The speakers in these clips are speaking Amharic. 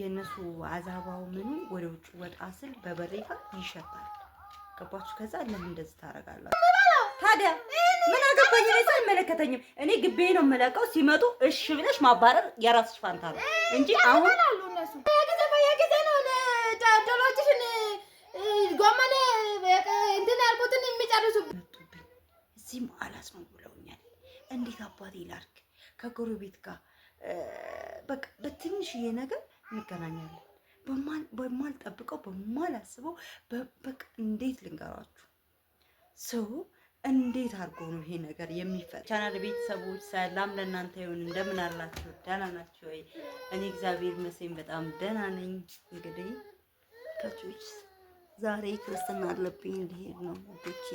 የእነሱ አዛባው ምኑን ወደ ውጭ ወጣ ስል በበሬፋ ይሸታል። ገባችሁ? ከዛ ለምን እንደዚህ ታደርጋላችሁ? ታዲያ ምን አገባኝ? እኔ አይመለከተኝም። እኔ ግቤ ነው የምለቀው። ሲመጡ እሺ ብለሽ ማባረር የራስሽ ፋንታ ነው እንጂ አሁን እነሱ ነው ጎመን እንትን ያልኩትን የሚጨርሱ መጡብኝ። እዚህም አላስ ነው ብለውኛል። እንዴት አባቴ ላድርግ? ከጎረቤት ጋር በቃ በትንሽዬ ነገር እንገናኛለን። በማልጠብቀው በማላስበው በቃ እንዴት ልንገራችሁ ሰው እንዴት አድርጎ ነው ይሄ ነገር የሚፈጥ ቻናል ቤተሰቦች ሰላም ለእናንተ ይሁን። እንደምን አላችሁ? ደህና ናችሁ ወይ? እኔ እግዚአብሔር ይመስገን በጣም ደህና ነኝ። እንግዲህ ከቾች ዛሬ ክርስትና አለብኝ ልሄድ ነው ወዶቼ።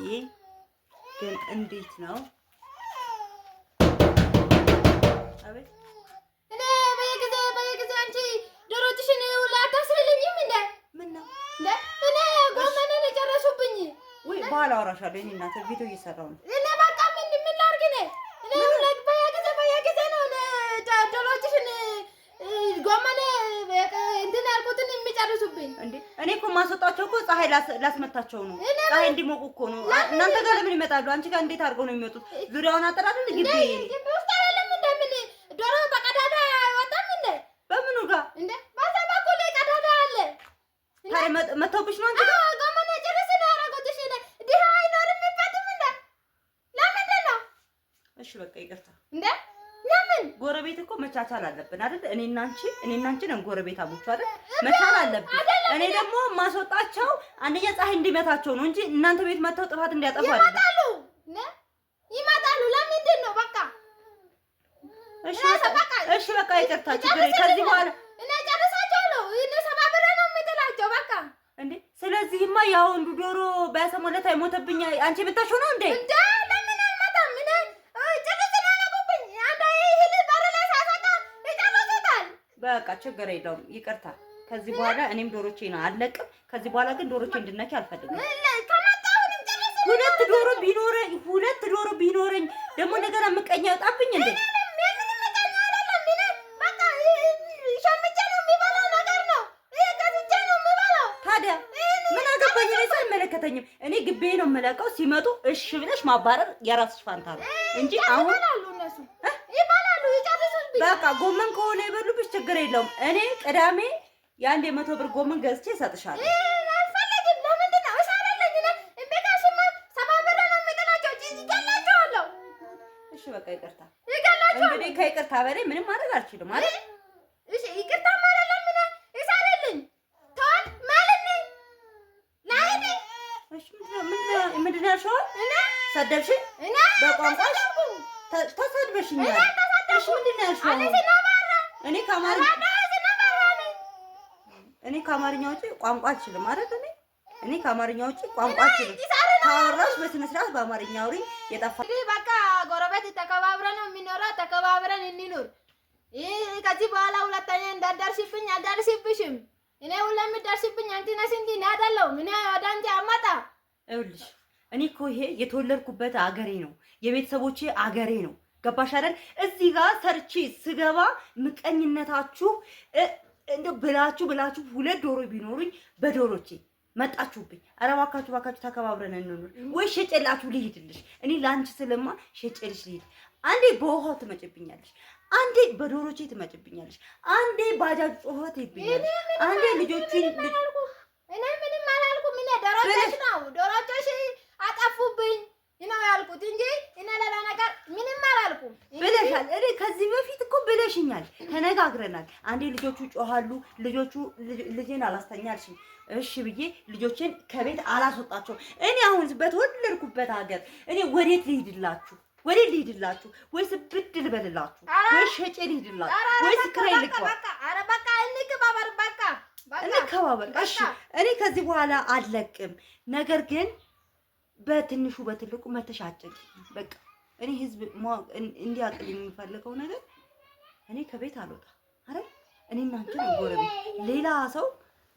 ግን እንዴት ነው አቤት በኋላ አወራሻለሁ። የእኔ እናት ቪዲዮ እየሰራሁ ነው። በቃ ምን ምን ላድርግ እኔ በየጊዜ በየጊዜ ነው ዶሎችሽን ጎመን እንትን ያልኩትን የሚጨርሱብኝ። እንደ እኔ እኮ የማስወጣቸው እኮ ፀሐይ ላስመታቸው ነው። ፀሐይ እንዲሞቁ እኮ ነው። እናንተ ጋር ለምን ይመጣሉ? አንቺ ጋር እንዴት አድርገው ነው የሚወጡት? ዙሪያውን አጠራልን ግቢ ዶሮ በቀዳዳ አይወጣም እንዴ? በምኑ ጋር እንዴ? በዛ በኩል ቀዳዳ አለ መተውብሽ ነው አንቺ ጋር መቻቻል አለብን አይደል? እኔ እና አንቺ እኔ እና አንቺ ነን ጎረቤታሞች አይደል? መቻል አለብን። እኔ ደግሞ ማስወጣቸው አንደኛ ፀሐይ እንዲመታቸው ነው እንጂ እናንተ ቤት መጥተው ጥፋት እንዲያጠፋ አይደል? ይመጣሉ ይመጣሉ። ለምንድን ነው በቃ እሺ፣ በቃ እሺ፣ በቃ ይቅርታ፣ ችግር ከዚህ በኋላ እኔ ነው እኔ ሰባብሬ ነው የምጥላቸው በቃ እንዴ። ስለዚህማ ያው እንዱ ዶሮ ባያሰሞለት አይሞተብኝ። አንቺ ብታሽ ነው እንዴ እንዴ? በቃ ችግር የለውም ይቅርታ። ከዚህ በኋላ እኔም ዶሮቼ ነው አለቅም። ከዚህ በኋላ ግን ዶሮቼ እንድነኪ አልፈልግም። ሁለት ዶሮ ቢኖረኝ ሁለት ዶሮ ቢኖረኝ ደግሞ ነገር ምቀኛ ያወጣብኝ እንዴ? ታዲያ አይመለከተኝም። እኔ ግቤ ነው የምለቀው። ሲመጡ እሺ ብለሽ ማባረር የራስሽ ፋንታ ነው እንጂ አሁን እነሱ በቃ ጎመን ከሆነ የበሉብሽ ችግር የለውም። እኔ ቅዳሜ የአንድ የመቶ ብር ጎመን ገዝቼ እሰጥሻለሁ። እሺ በቃ ይቅርታ። እንግዲህ ከይቅርታ በላይ ምንም ማድረግ አልችልም ማለት እሺ ይቅርታ ምንድን ነው ያልሽው? ሰደብሽኝ በቋንቋሽ ተሰድበሽኛል። የምትረዳሽ ምንድን ነው ያልሽው? እኔ ከአማርኛ እኔ ከአማርኛ ውጪ ቋንቋ አልችልም አይደል? እኔ እኔ ከአማርኛ ውጪ ቋንቋ አልችልም። ታወራሽ በስነ ስርዓት በአማርኛ አውሪ። የጠፋ እንግዲህ በቃ ጎረቤት ተከባብረን ነው የሚኖረው። ተከባብረን እንኑር። ይሄ ከዚህ በኋላ ሁለተኛ እንዳደርሽብኝ አልደርስብሽም። እኔ ሁሌ የምደርስብኝ አንቺ ነሽ እንጂ እኔ አይደለሁም። እኔ ወደ አንቺ አመጣ ይኸውልሽ እኔ እኮ ይሄ የተወለድኩበት አገሬ ነው፣ የቤተሰቦቼ አገሬ ነው። ገባሽ አይደል? እዚህ ጋር ሰርቼ ስገባ ምቀኝነታችሁ እንደ ብላችሁ ብላችሁ ሁለት ዶሮ ቢኖሩኝ በዶሮቼ መጣችሁብኝ። ኧረ እባካችሁ እባካችሁ ተከባብረን እንኑር። ወይ ሸጨላችሁ ልሂድልሽ እኔ ለአንቺ ስለማ ሸጨልሽ ልሂድ። አንዴ በውሃው ትመጭብኛለሽ፣ አንዴ በዶሮቼ ትመጭብኛለሽ፣ አንዴ ባጃጅ ጮኸት ይብኛል፣ አንዴ ልጆቹ እኔ ምንም አላልኩም። እኔ ዶሮቼሽ ነው ዶሮቼሽ አጠፉብኝ ነው ያልኩት እንጂ እኔ ከዚህ በፊት እኮ ብለሽኛል፣ ተነጋግረናል። አንዴ ልጆቹ ጮሃሉ፣ ልጆቹ ልጄን አላስተኛልሽም። እሺ ብዬ ልጆቼን ከቤት አላስወጣቸው። እኔ አሁን በተወለድኩበት ሀገር እኔ ወዴት ልሂድላችሁ? ወዴት ልሂድላችሁ? ወይስ ብድ ልበልላችሁ? ወይስ ሸጬ ልሂድላችሁ? ወይስ ክራይ ልግባ? እንከባበር። እሺ እኔ ከዚህ በኋላ አልለቅም። ነገር ግን በትንሹ በትልቁ መተሻጨቅ በቃ እኔ ህዝብ እንዲያቅልኝ የሚፈልገው ነገር እኔ ከቤት አልወጣ አረ እኔ እናንተ ጎረቤት ሌላ ሰው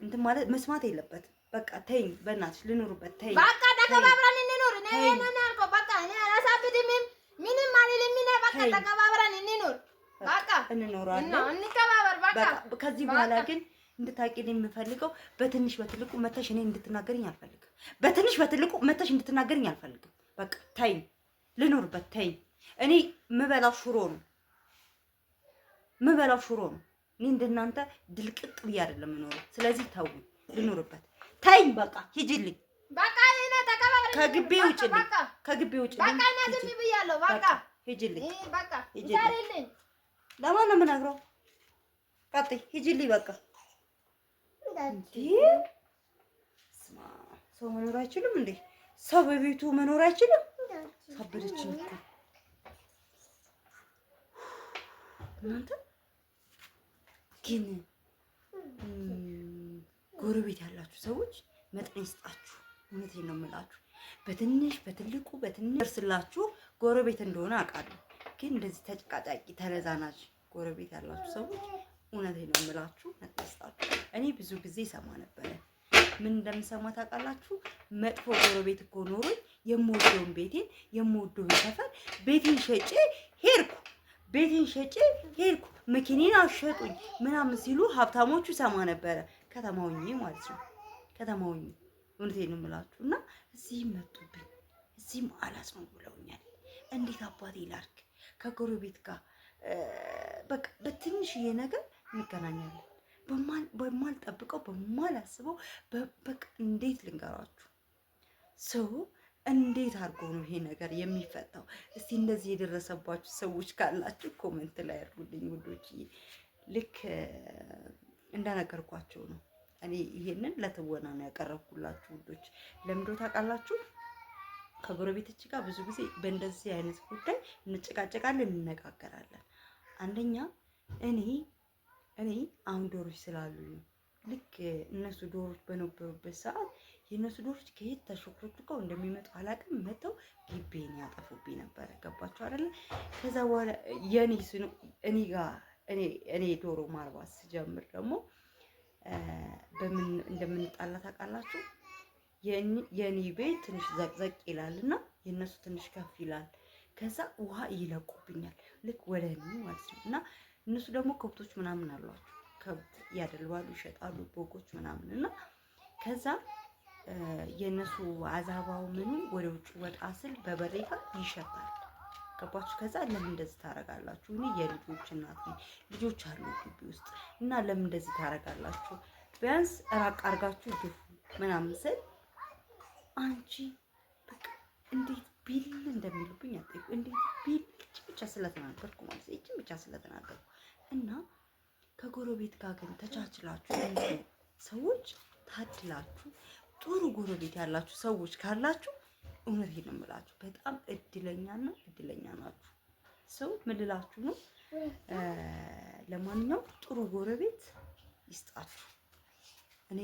እንትን ማለት መስማት የለበት በቃ ተይኝ፣ በእናትሽ ልኖርበት፣ ተይኝ፣ በቃ ተከባብረን እንኖር። እኔ እኔ አልኩህ፣ በቃ እኔ አላሳብድም፣ ምንም አልልም። እኔ በቃ ተከባብረን እንኖር፣ በቃ እንኖራለን፣ እንከባበር። በቃ ከዚህ በኋላ ግን እንድታቂልኝ የምፈልገው በትንሽ በትልቁ መተሽ እኔ እንድትናገርኝ አልፈልግም። በትንሽ በትልቁ መተሽ እንድትናገርኝ አልፈልግም። በቃ ተይኝ። ልኖርበት ተይኝ። እኔ ምበላው ሽሮ ነው ምበላው ሽሮ ነው። እኔ እንደናንተ ድልቅቅ ብዬ አይደለም የምኖረው። ስለዚህ ተውኝ፣ ልኖርበት ተይኝ። በቃ ሂጂልኝ፣ በቃ እኔ ተቀበል። ከግቤ ውጭ ልኝ፣ ከግቤ ውጭ ልኝ። በቃ እኔ ዝም ብያለሁ። በቃ ሂጂልኝ፣ በቃ ሂጂልኝ። ለማን ነው የምነግረው? ቀጥይ፣ ሂጂልኝ። በቃ እንዴ ሰው መኖር አይችልም እንዴ? ሰው በቤቱ መኖር አይችልም? ካበደችኝ እኮ እናንተ ግን ጎረቤት ያላችሁ ሰዎች መጠን ይስጣችሁ። እውነት ነው የምላችሁ። በትንሽ በትልቁ በትንሽ እርስላችሁ ጎረቤት እንደሆነ አውቃለሁ። ግን እንደዚህ ተጨቃጫቂ ተለዛናጅ ጎረቤት ያላችሁ ሰዎች እውነቴን ነው የምላችሁ፣ መጠን እኔ ብዙ ጊዜ ሰማ ነበረ። ምን እንደምሰማ ታውቃላችሁ? መጥፎ ጎረቤት እኮ ኖሮኝ የምወደውን ቤቴን የምወደውን ሰፈር ቤቴን ሸጬ ሄድኩ። ቤቴን ሸጬ ሄድኩ። መኪኔን አሸጡኝ ምናምን ሲሉ ሀብታሞቹ ሰማ ነበረ። ከተማውኝ ማለት ነው። ከተማውኝ እውነቴን ነው የምላችሁ። እና እዚህም መጡብኝ፣ እዚህም አላት ነው ብለውኛል። እንዴት አባቴ ላድርግ? ከጎረቤት ጋር በቃ በትንሽዬ ነገር እንገናኛለን። በማልጠብቀው በማላስበው በቃ እንዴት ልንገራችሁ ሰው እንዴት አድርጎ ነው ይሄ ነገር የሚፈታው? እስቲ እንደዚህ የደረሰባችሁ ሰዎች ካላችሁ ኮመንት ላይ አድርጉልኝ ውዶች። ልክ እንደነገርኳቸው ነው። እኔ ይሄንን ለትወና ነው ያቀረብኩላችሁ ውዶች። ለምዶ ታውቃላችሁ፣ ከጎረቤቶች ጋር ብዙ ጊዜ በእንደዚህ አይነት ጉዳይ እንጨቃጨቃለን፣ እንነጋገራለን። አንደኛ እኔ እኔ አሁን ዶሮች ስላሉ ልክ እነሱ ዶሮች በነበሩበት ሰዓት የእነሱ ዶሮች ከየት ተሾክሮክርከው እንደሚመጡ አላውቅም። መጥተው ግቤን ያጠፉብኝ ነበረ። ገባቸው አይደለ? ከዛ በኋላ የኔ እኔ ጋር እኔ ዶሮ ማርባት ስጀምር ደግሞ በምን እንደምንጣላ ታውቃላችሁ? የኔ ቤት ትንሽ ዘቅዘቅ ይላል እና የእነሱ ትንሽ ከፍ ይላል። ከዛ ውሃ ይለቁብኛል ልክ ወደ እኔ ማለት ነው። እና እነሱ ደግሞ ከብቶች ምናምን አሏቸው ከብት ያደልባሉ፣ ይሸጣሉ፣ በጎች ምናምን እና ከዛ የእነሱ አዛባው ምኑ ወደ ውጭ ወጣ ስል በበሬታ ይሸታል። ገባችሁ? ከዛ ለምን እንደዚህ ታረጋላችሁ? እኔ የልጆች እናት ነኝ፣ ልጆች አሉ ግቢ ውስጥ እና ለምን እንደዚህ ታረጋላችሁ? ቢያንስ ራቅ አርጋችሁ ግፉ ምናምን ስል አንቺ እንዴት ቢል እንደሚሉብኝ አጠይቁ። እንዴት ቢል ብቻ ስለተናገርኩ ማለት እጅ ብቻ ስለተናገርኩ እና ከጎረቤት ጋር ግን ተቻችላችሁ ሰዎች ታድላችሁ ጥሩ ጎረቤት ያላችሁ ሰዎች ካላችሁ እውነት ነው የምላችሁ፣ በጣም እድለኛና እድለኛ ናችሁ። ሰው ምልላችሁ ነው። ለማንኛውም ጥሩ ጎረቤት ይስጣችሁ። እኔ